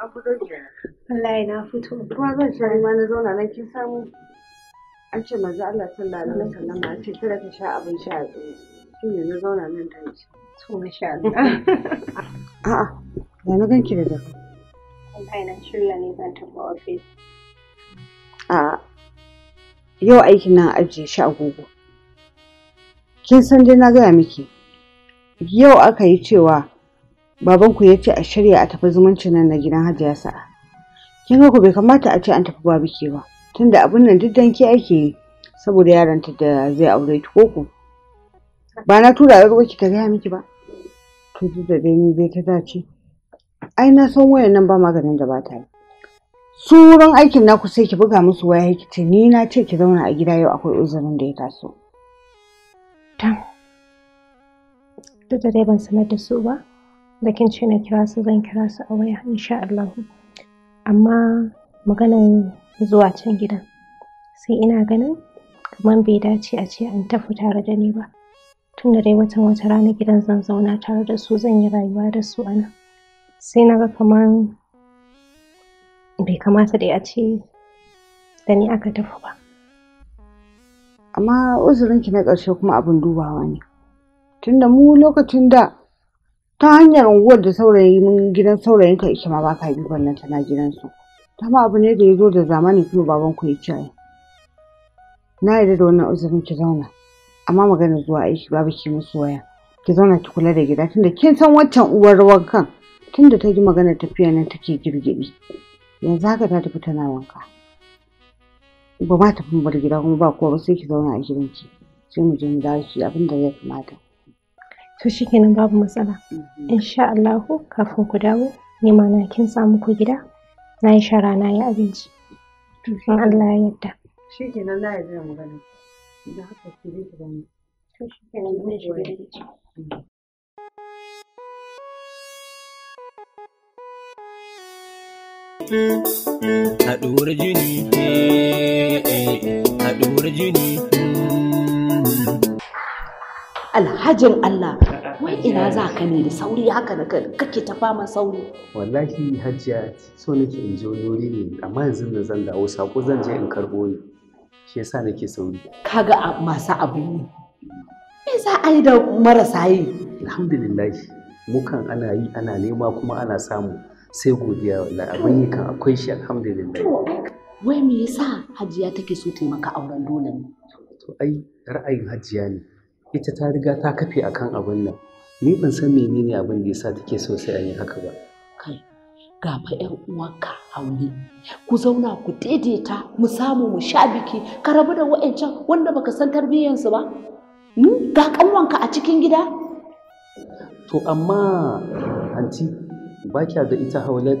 an ce Allah sallallahu alaihi wasallam ce ta sha abin sha a tsaye na zauna nan da shi to Allah a'a na ganki da na shirya ne zan tafi office a yau aikin nan ajiye shi agogo kin san dai na gaya miki yau aka yi cewa babanku ya ce a shirya a tafi zumunci nan na gidan hajiya sa'a kin ga ku bai kamata a ce an tafi barbecue ba tunda abin nan duk danki ake yi saboda yaranta da zai aure ki ko ku ba na tura ruwa ki ta gaya miki ba to duk da dai ni zai ta dace ai na san wayan nan ba maganin da ba ta yi su wurin aikin naku sai ki buga musu waya ki ce ni na ce ki zauna a gida yau akwai uzurin da ya taso duk da dai ban sanar da su ba da kin ce na kira su zan kira su a waya insha Allah amma maganan zuwa can gidan sai ina ganin kamar bai dace a ce an tafi tare da ni ba tun da dai watan wata rana gidan zan zauna tare da su zan yi rayuwa da su a nan sai na ga kamar bai kamata dai a ce da ni aka tafi ba amma uzurinki na ƙarshe kuma abin dubawa ne tunda mu lokacin da ta hanyar unguwar da saurayi saurayin gidan saurayin ka yake ma ba ka bi wannan tana gidansu ta ma abu ne da ya zo da zamani kuma baban ku ya ai na yarda da wannan uzurin ki zauna amma magana zuwa aiki babu ki musu waya ki zauna ki kula da gida tunda kin san waccan uwar ruwan kan tunda ta ji magana tafiya nan take girgidi. yanzu haka ta tafi tana wanka ba ma tafi bar gida kuma ba kowa ba sai ki zauna a gidan gidanki sai mu je mu dawo shi abin da ya kamata to shi kenan babu matsala mhm. insha Allahu kafin ku dawo ni ma na kin samu ku gida na yi shara na yi abinci in Allah ya yarda kenan na yi zai magana idan haka ki ji ki gani to shi kenan zan shiga da ki haɗuwar jini haɗuwar eh, eh, eh. jini hmm. alhajin Allah wai ina za ka ne da sauri haka da kake ta fama sauri wallahi hajjiya so nake in je wuri ne amma yanzu na zan dawo sako zan je in karbo ne shi yasa nake sauri kaga masu abu ne me za a yi da marasa yi alhamdulillah mukan ana yi ana nema kuma ana samu sai godiya wallahi abin yi kan akwai shi alhamdulillah wai me yasa hajjiya take so taimaka auren dole ne to ai ra'ayin hajjiya ne ita ta riga ta kafe a kan abin nan ni ban san menene abin da yasa take so sai a yi haka ba kai ga fa yan uwanka aure ku zauna ku daidaita mu samu mu sha biki ka rabu da wa'ancan wanda baka san tarbiyyansu ba hmm? ga kanwanka a cikin gida to amma anti ba kya da ita haulat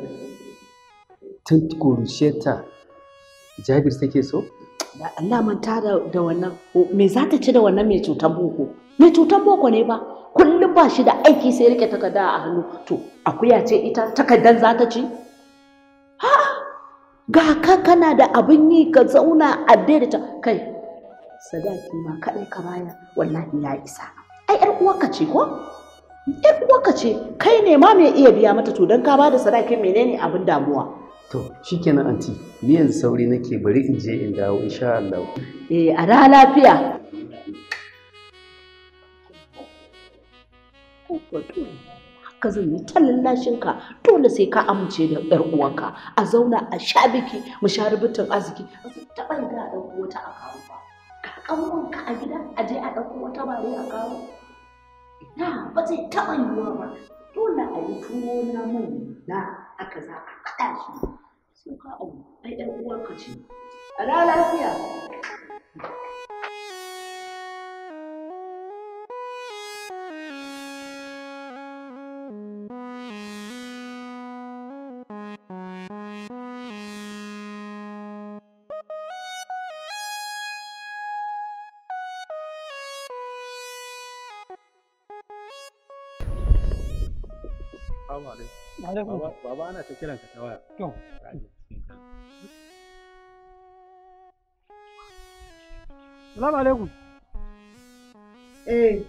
tun kurusheta jabir take so da Allah manta da wannan me za ta ci da wannan mai cutar boko mai cutar boko ne ba kullum ba shi da aiki sai rike takarda a hannu to akuya ce ita takardar za ta ci ha ga ka kana da abin yi ka zauna a daidaita kai sadaki ma kaɗai ka baya wallahi ya isa ai yar uwarka ce ko yar uwarka ce kai ne ma mai iya biya mata to dan ka da sadakin menene abin damuwa To na anti ni yanzu sauri nake bari in je in dawo insha Allah. Eh a da lafiya. Haka zan yi tallan lashinka dole sai ka amince da yar uwanka a zauna a sha biki mu sha rubutun arziki ba su taɓa yi da ɗauko wata a kawo ba. Ka ka a gida a je a ɗauko wata ba a kawo. Ina ba zai taɓa yiwuwa ba dole a yi tuwo na mun na haka za a haɗa shi sun ka abu ai yar uwarka ce a ra lafiya Assalamu alaikum. Baba ana ta kiranka ta waya. To. Salamu alaikum. Eh.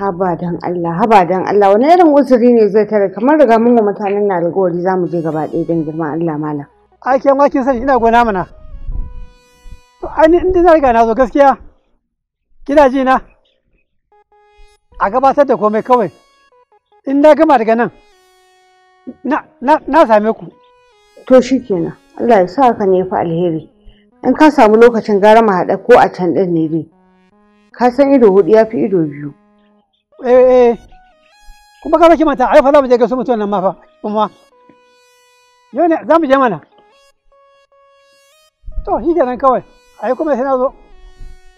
Haba dan Allah, haba dan Allah, wani irin uzuri ne zai tare kamar riga mun wa mutanen na alƙawari za mu je gaba ɗaya don girma Allah malam. Ai ke ma kin sani ina gona mana. To ai ni inda na riga na zo gaskiya. Kina ji na? A gabatar da komai kawai. in na gama daga nan na same ku to shi kenan Allah ya sa ka ne alheri in ka samu lokacin gara mu haɗa ko a can ɗin ne dai ka san ido hudu ya fi ido biyu eh, eh eh kuma ka baki mata ai fa za mu je ga su mutum nan ma fa kuma yau ne za mu je mana to shi kenan kawai ai kuma sai na zo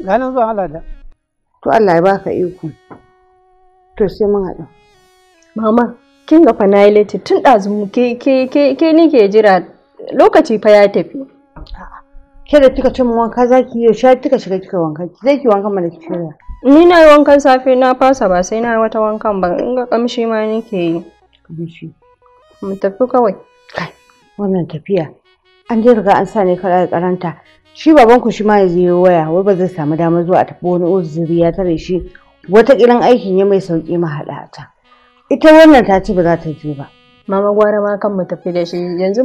ganin zuwa Allah da to Allah ya baka iko to sai mun haɗu Mama, kin ga fa tun ɗazu ke ke ke ke ni ke jira lokaci fa ya tafi. Ke da kika ce wanka za ki yi sha kika shiga kika wanka zai ki wanka mana ki shirya. Ni na yi wankan safe na fasa ba sai na yi wata wankan ba in ga kamshi ma ke yi. Kamshi. Mu tafi kawai. Kai, wannan tafiya. An je riga an sa ne kada karanta. Shi ku shi ma ya je waya wai ba zai samu damar zuwa a tafi wani uzuri ya tare shi wata kiran aikin ya mai sauki ma haɗa ta. ita wannan ta ci ba za ta je ba mama gwara ma kan mu tafi da shi yanzu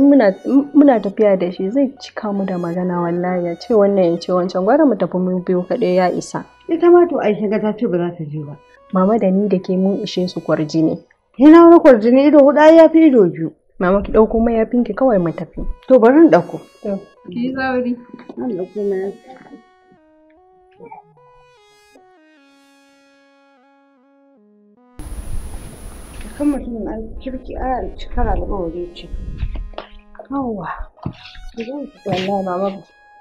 muna tafiya da shi zai cika mu da magana wallahi ya ce wannan ya ce wancan gwara mu tafi mu biyu kaɗai ya isa ita ma to aisha ga ta ce ba za ta je ba mama da ni da ke mun ishe su kwarji ne yana wani kwarji ne ido huɗa ya fi ido biyu mama ki ɗauko mayafinki kawai mu tafi to bari in ɗauko ki zauri ɗauko kan mutumin an kirki a ce mama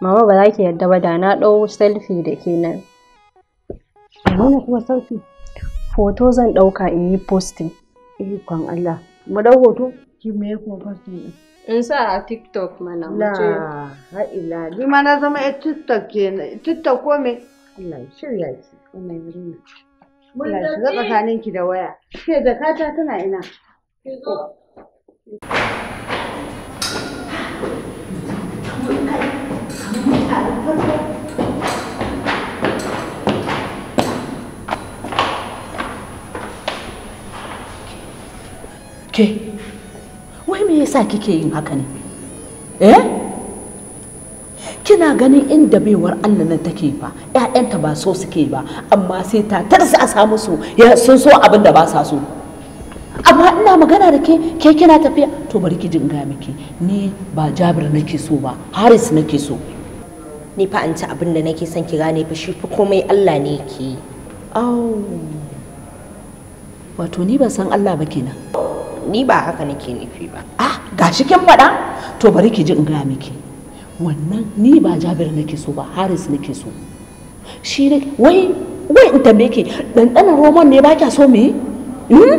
mama ba za ki yarda ba da na ɗau selfie da ke nan nuna kuma selfie zan ɗauka in yi posting Allah mu ɗau hoto ki me kuma posting in sa a tiktok mana ha'ila ni ma na zama yar tiktok tiktok ko me Allah shirya ki wannan Allah shiga tsakaninki da waya. Ke jakata tana ina. Ke, wai me yasa kike yin haka ne? Eh? kina ganin inda baiwar Allah nan take fa ƴaƴanta ba so suke ba amma sai ta tarsa su ya sun so abin da ba sa so amma ina magana da ke ke kina tafiya to bari ki jinga miki ni ba Jabir nake so ba Haris nake so ni fa an ci abin da nake son ki gane fa shi fa komai Allah ne ke au wato ni ban san Allah ba kenan ni ba haka nake nufi ba ah gashi kin faɗa to bari ki ji in ga miki wannan ni ba jabir nake so ba haris nake so shi ne wai wai in tambaye ke ɗanɗanar roman ne ba kya so me hmm?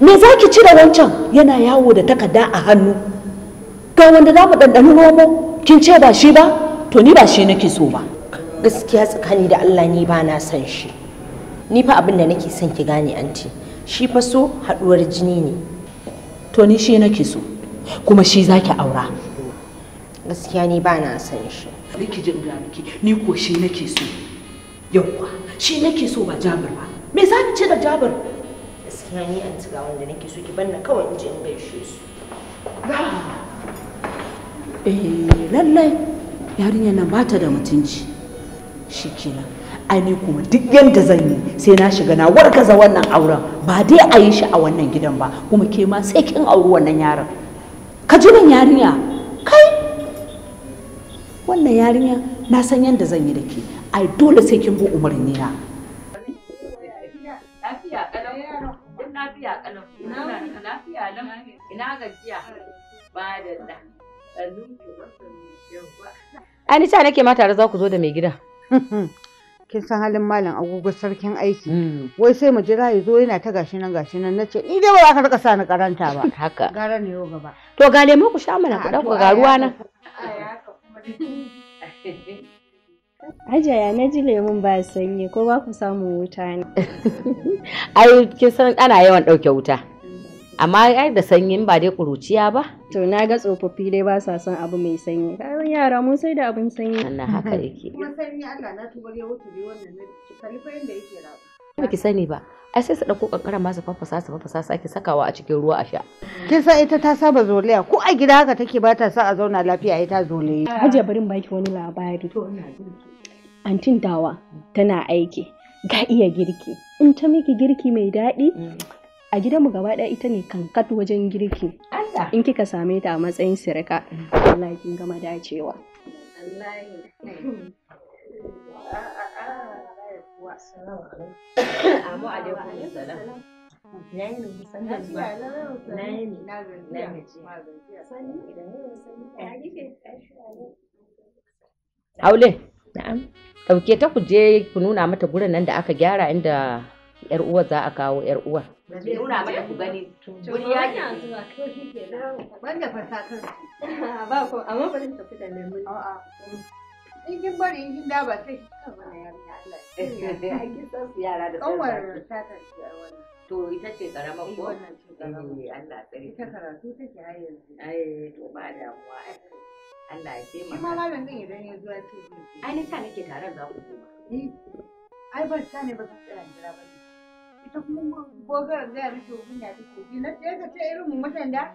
me za ki ci da wancan yana yawo da takarda a hannu ga wanda za mu ɗanɗani romo kin ce ba shi ba to ni ba shi nake so ba gaskiya tsakani da allah ni ba na son shi ni fa abin da nake son ki gane anti shi fa so haɗuwar jini ne to ni shi nake so kuma shi zaki aura gaskiya ni ba na san shi nake jin ga miki ni ko shi nake so yawwa shi nake so ba jabir ba me za ki ce da jabir gaskiya ni an tsiga wanda nake so ki banna kawai in je in gaishe su eh lallai yarinya nan bata da mutunci shikenan ai ni kuma duk yadda zan yi sai na shiga na wargaza wannan auren ba dai a yi shi a wannan gidan ba kuma ke ma sai kin auri wannan yaron ka ji nan yarinya kai wannan yarinya na san yadda zan yi da ke ai dole sai kin bi umarni na Ani ta nake ma tare za ku zo da mai gida. Kin san halin malam agogo sarkin aiki. Hmm. Wai sai mu jira ya zo yana ta gashi nan gashi nan ce ni dai ba za ka rika sa ni karanta ba. Haka. Gara ne yau gaba. To ga lemo ku sha mana ku dauka ga ruwa nan. Hajiya na ji lemun ba sanyi ko ba ku samu wuta ne. Ai kin san ana yawan ɗauke wuta. Amma ai da sanyin ba dai kuruciya ba. To na ga tsofaffi dai ba sa son abu mai sanyi. Kayan yara mun sai da abin sanyi. Wannan haka yake. Kuma sanyi Allah na tubar ya wuce wannan ne. Kalifai da yake rabu. Ba ki sani ba. ai sai su ɗauko kankara ma su fafasa su fafasa sake sakawa a cikin ruwa a sha. kin san ita ta saba zoliya ko a gida haka take ba ta sa a zauna lafiya ita zolaye. hajiya barin baki wani labari. antin dawa tana aiki ga iya girki in ta miki girki mai daɗi a gidanmu gaba ɗaya ita ne kankat wajen girki in kika same ta a matsayin sirika wallahi kin gama dacewa yawwa assalamu alaikum na yi ba na yi ya aule na'am dauke ta ku je ku nuna mata gurin nan da aka gyara inda yar uwa za a kawo yar uwa. nuna mata ku gani guri ya ke banda ba ku, amma mun a'a cikin kin bari da ba sai na wani yarinya Allah ya san yara da kanwar ta ta wannan to ita ce karamar eh, ko wannan ce karamar eh, Allah tsare ita karatu take har yanzu ai to ba damuwa Allah ya taimaka shi ma malam din idan ya zo ya ce ai sa nake ku eh, ai ba sa ne ba ka tsaya jira ba ita kuma gogar ya take na sai ka ce irin mutan da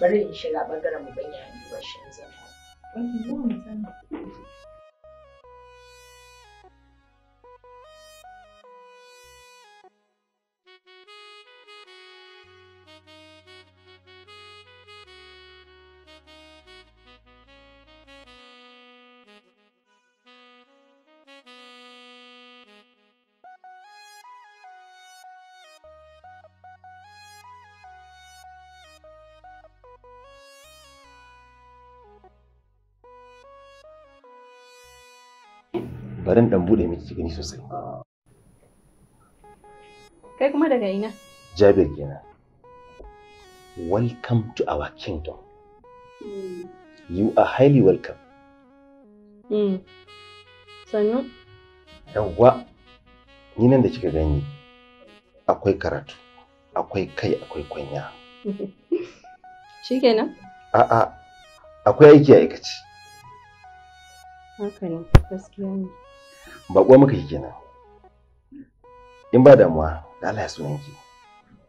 bari in shiga ɓangaren mu ban yayin duba shi yanzu. bari dan bude miki gani sosai kai kuma daga ina jabir kenan welcome to our kingdom hmm. you are highly welcome mm. sannu yawwa ni nan da kika gani akwai karatu akwai kai akwai kwanya shikenan a'a akwai aiki a aikaci haka ne gaskiya ne Baƙo muka yi kenan. In ba damuwa, da Allah ya sunan ki.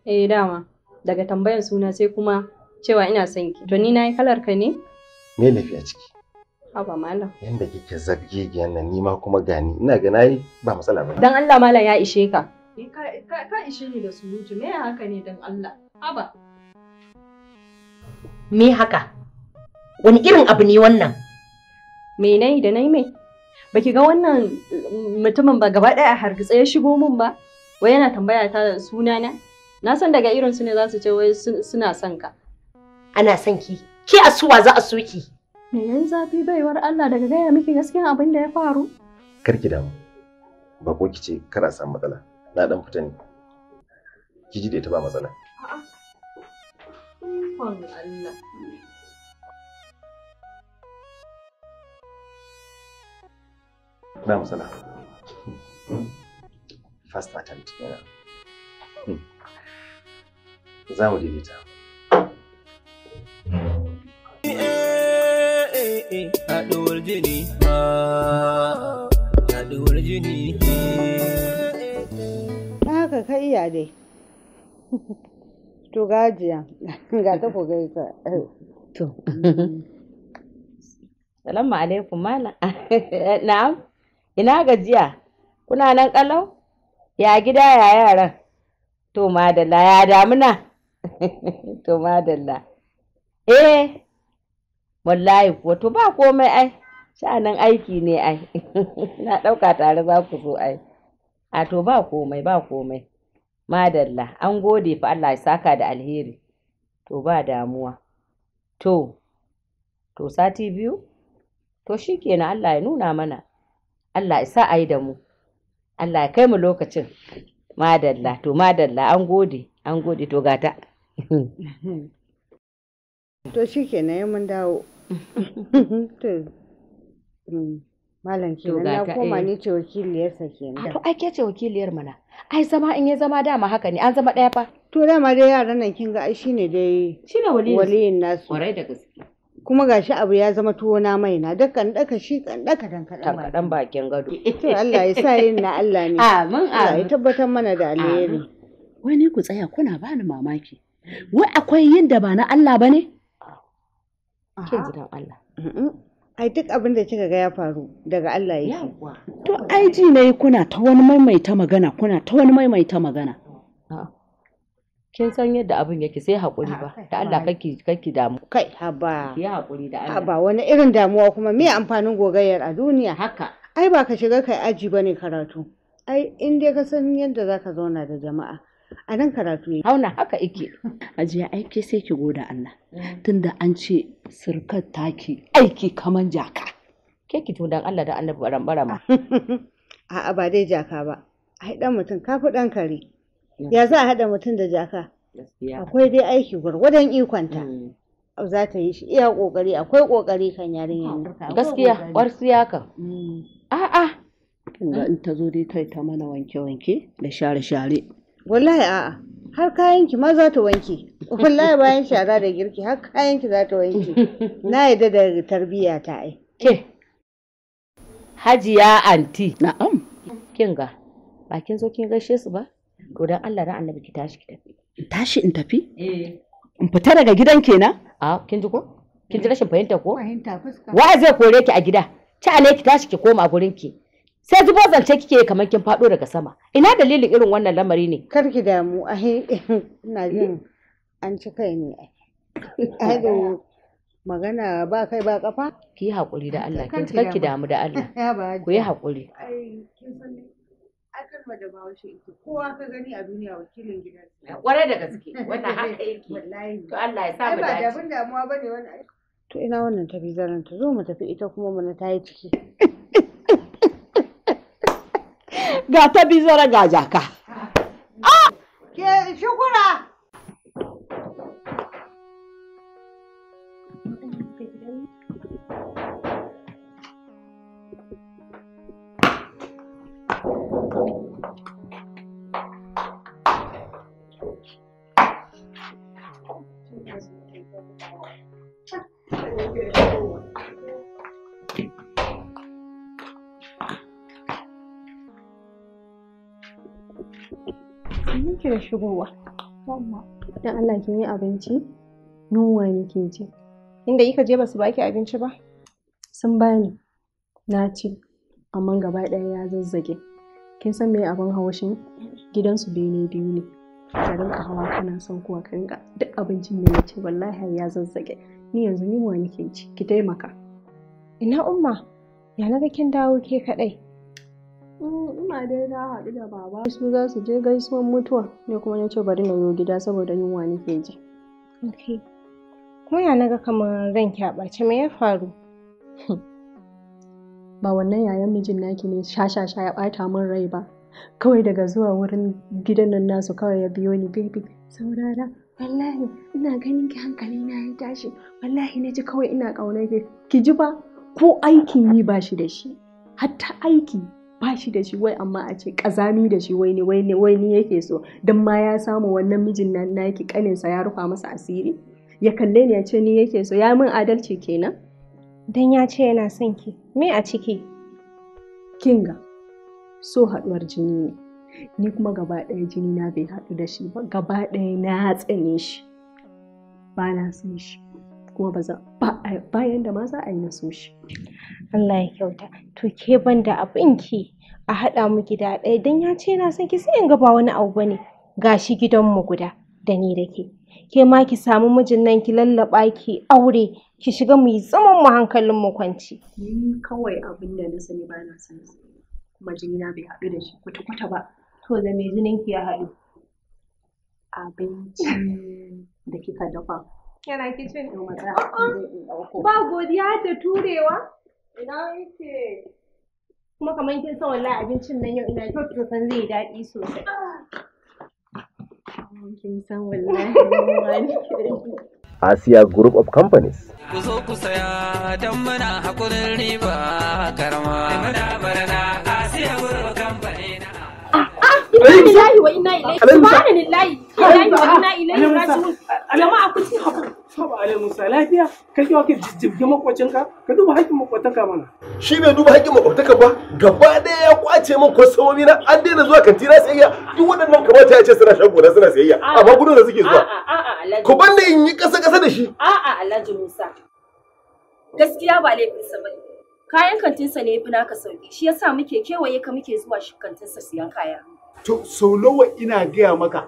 Eh dama, daga tambayar suna sai kuma cewa ina son ki. To ni na yi kalar ka ne? Me lafiya ciki? Haba malam. Yanda kike zabgegiyan nan ni ma kuma gani ina ga nayi ba matsala ba. Dan Allah malam ya ishe eh, ka. Ka ishe ni da surutu me haka ne dan Allah? Haba. Me haka? Wani irin abu ne wannan? Me nayi da nayi mai? Ba ki ga wannan mm, mutumin ba gaba ɗaya a hargitse ya shigo min ba wai yana tambaya ta sunana na san daga irin su ne za su ce wai suna son ka ana son ki ki a suwa za a so ki me yan zafi baiwar Allah daga gaya miki gaskiyan abin da ya faru Kar ki damu ba ko ki ce kar a samu matsala na dan fita ne ki ji da ita ba matsala a'a Allah ba matsala first attempt hmm. za mu daidaita eh, eh, eh, haɗuwar jini ah, haɗuwar jini haka ka iya dai to gajiya ga ta ku gaisa to salamu alaikum na'am ina gajiya kuna nan kalau ya gida ya yaran to madalla ya damuna to madalla eh wallahi kuwa to ba komai ai sha'anin aiki ne ai na ɗauka tare za ku zo ai a to ba komai ba komai madalla an gode fa Allah ya saka da alheri to ba damuwa to to sati biyu to shikenan Allah ya nuna mana Allah ya sa a yi da mu Allah ya kai mu lokacin madalla to madalla an gode an gode to gata to shi ke na mun dawo mm, malam kenan na koma eh. ni ce wakiliyarsa kenan to ai ke ce wakiliyar mana ai zama in ya zama dama haka ne an zama ɗaya fa to dama dai yaran nan kin ga ai shine dai shine waliyin nasu kwarai da gaske kuma gashi abu ya zama tuwo na mai na duk kan daka shi kan daka dan kadan kadan bakin gado to Allah ya sa yin na Allah ne amin Allah ya tabbatar mana da alheri wai ne ku tsaya kuna bani mamaki wai akwai yin da ba na Allah bane kin ji dan Allah ai duk abin da kika ga ya faru daga Allah ya to ai ji nayi kuna ta wani maimaita magana kuna ta wani maimaita magana ah. kin san yadda abin yake sai haƙuri ah, ba da Allah kake kake damu kai haba ki haƙuri da Allah haba wani irin damuwa kuma me amfanin gogayyar a duniya haka ai ba ka shiga kai aji bane karatu ai in dai ka san yadda zaka zauna da jama'a a nan karatu yake hauna haka ike ya aiki sai ki goda Allah mm. tunda an ce sirkar taki aiki kaman jaka ke ki to dan Allah da annabi baran barama a'a ba dai jaka ba ai dan mutum ka fi dan kare ya za a haɗa mutum da jaka akwai dai aiki gwargwadon ikonta hmm. za ta yi shi iya ƙoƙari. akwai ƙoƙari kan yarinyar gaskiya warsu ya kan a'a kinga in ta zo dai ta ta mana wanke-wanke da share-share wallahi a'a har kayan ki ma za ta wanke wallahi bayan shara da girki har kayan ki za ta wanke na yadda da tarbiyya ta ai ke hajiya anti na'am kinga ba kin zo kin gaishe su ba to dan Allah ran annabi ki tashi ki tafi in tashi in tafi eh in fita daga gidan kenan a kin ji ko kin ji rashin fahimta ko fahimta fuska wa zai kore ki a gida ci ale ki tashi ki koma gurin ki sai zubo zance kike kamar kin fado daga sama ina dalilin irin wannan lamari ne kar ki damu he ina jin an ci kai ne ai magana ba kai ba kafa ki yi hakuri da Allah kin kar ki damu da Allah ku yi hakuri a kalmar da bahaushe ita kowa ka gani a duniya wakilin gidansa kwarai da gaske wanda haka yake to Allah ya sa mu dace ba da abin damuwa bane wannan to ina wannan ta bizaran ta zo mu tafi ita kuma mu ta yi ciki ga ta bizara ga jaka ah! ke shukura shigowa dan Allah kin yi abinci nuwa ne ke ji inda kika je basu baki abinci ba sun bani na ci amma gaba ɗaya ya zazzage kin san me abin haushin gidansu bene biyu ne ka rinka hawa kana son kuwa ka rinka duk abincin da ce wallahi ya zazzage ni yanzu ni wani ke ci ki taimaka ina umma ya naga kin dawo ke kadai Mm, ina dai na haɗu da baba su za su je gaisuwan mutuwa ne kuma na ce bari na yi gida saboda yunwa nake ji kuma ya naga kamar ran ki ɓace me ya faru ba wannan yayan mijin naki ne shashasha ya ɓata min rai ba kawai daga zuwa wurin gidan nan nasu kawai ya biyo ni baby saurara wallahi ina ganin ki hankali na ya tashi wallahi na ji kawai ina ƙaunar ki ki ji ba ko aiki yi ba shi da shi hatta aiki Bashi shi da shi wai amma a ce kazami da shi wai ne wai yake so Don ma ya samu wannan mijin nan naki kaninsa ya rufa masa asiri ya kalle ni ya ce ni yake so ya min adalci kenan dan ya ce yana son ki me a ciki kinga so haduwar jini ne ni kuma gaba ɗaya jini na bai haɗu da shi ba gaba ɗaya na tsane shi ba na son shi kuma ba za bayan da ma za a yi na so shi Allah ya kyauta to ke banda abin ki a haɗa mu gida ɗaya don ya ce yana son ki sai in ga ba wani abu bane gashi gidanmu guda da ni da ke ke ma ki samu mijin nan ki lallaɓa ki aure ki shiga mu yi zaman mu hankalin mu kwanci ni kawai abin da na sani ba na san kuma jini na bai haɗu da shi kwata kwata ba to da me jinin ki ya haɗu abinci da kika dafa yana kicin ba godiya da turewa ina yake kuma kamar kin san wallahi abincin nan yau ina kyautu san zai daɗi sosai kin san wallahi Asia Group of Companies ku zo ku saya dan muna hakurin riba karma muna barana Asia Group of Companies Inna lillahi wa inna ilaihi subhanallahi wa inna ilaihi raji'un jama'a ku ci hakuri Saba alai Musa lafiya ka kiwa ka jijjibge makwacinka ka duba haƙƙin makwataka mana. Shi bai duba haƙƙin makwataka ba gaba ɗaya ya kwace min kwastomomi na an daina zuwa kantina sayayya duk waɗannan kamata ya ce suna shan gona suna sayayya amma gudun da suke zuwa. Ku ban da in yi ƙasa-ƙasa da shi. A'a Alhaji Musa gaskiya ba laifinsa ba kayan kantinsa ne ya fi naka sauki shi yasa muke kewaye ka muke zuwa kantinsa siyan kaya. To sau nawa ina gaya maka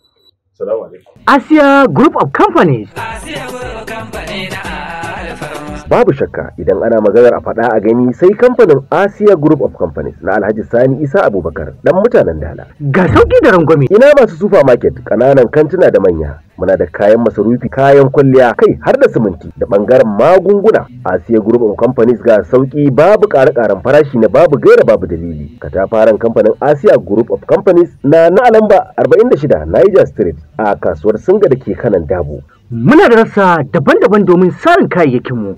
Assalamu alaikum. Asia Group of Companies. Asia Group of Companies. babu shakka idan ana maganar a faɗa a gani sai kamfanin Asia Group of Companies na Alhaji Sani Isa Abubakar dan mutanen Dala. Ga sauki da rangwame. Ina masu supermarket kananan kantuna da manya muna da kayan masarufi kayan kwalliya kai har da siminti da bangaren magunguna Asia Group of Companies ga sauki babu ƙare ƙaran farashi na babu gaira babu dalili. Katafaren kamfanin Asia Group of Companies na na Alamba 46 Niger Street a kasuwar Singa da ke kanan Dabo. Muna da rassa daban-daban domin sarin kayayyakinmu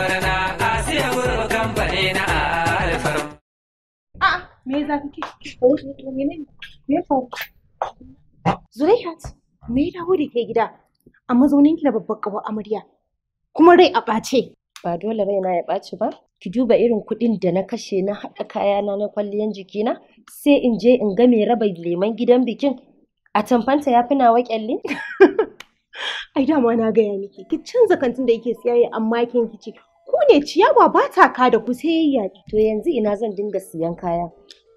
me za ka ke me zulaihat da gida a mazaunin ki da babbar kawo amarya kuma rai a ba dole raina ya ɓaci ba ki duba irin kuɗin da na kashe na haɗa kayana na kwalliyan jikina sai in je in ga mai raba leman gidan bikin a tamfanta ya fi nawa kyalli ai dama na gaya miki ki canza kantin da yake siyayya amma kin kici ku ne ciyawa ba ta ka da ku sai yayi to yanzu ina zan dinga siyan kaya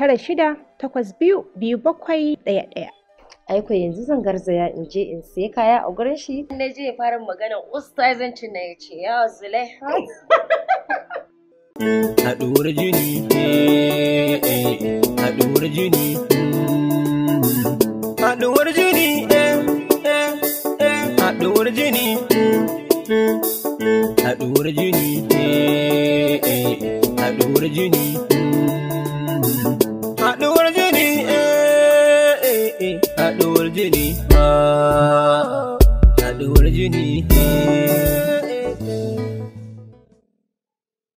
tara shida takwas biyu biyu bakwai ɗaya ɗaya. Aiko yanzu zan garzaya in je in sai kaya a gurin shi. Na je fara magana Ustazanci na ya ce ya zule. Haɗuwar jini, eh, eh, haɗuwar jini, hmm. haɗuwar jini, eh, haɗuwar jini, hmm. haɗuwar jini, haɗuwar jini. Hmm. jini haɗuwar ah, jini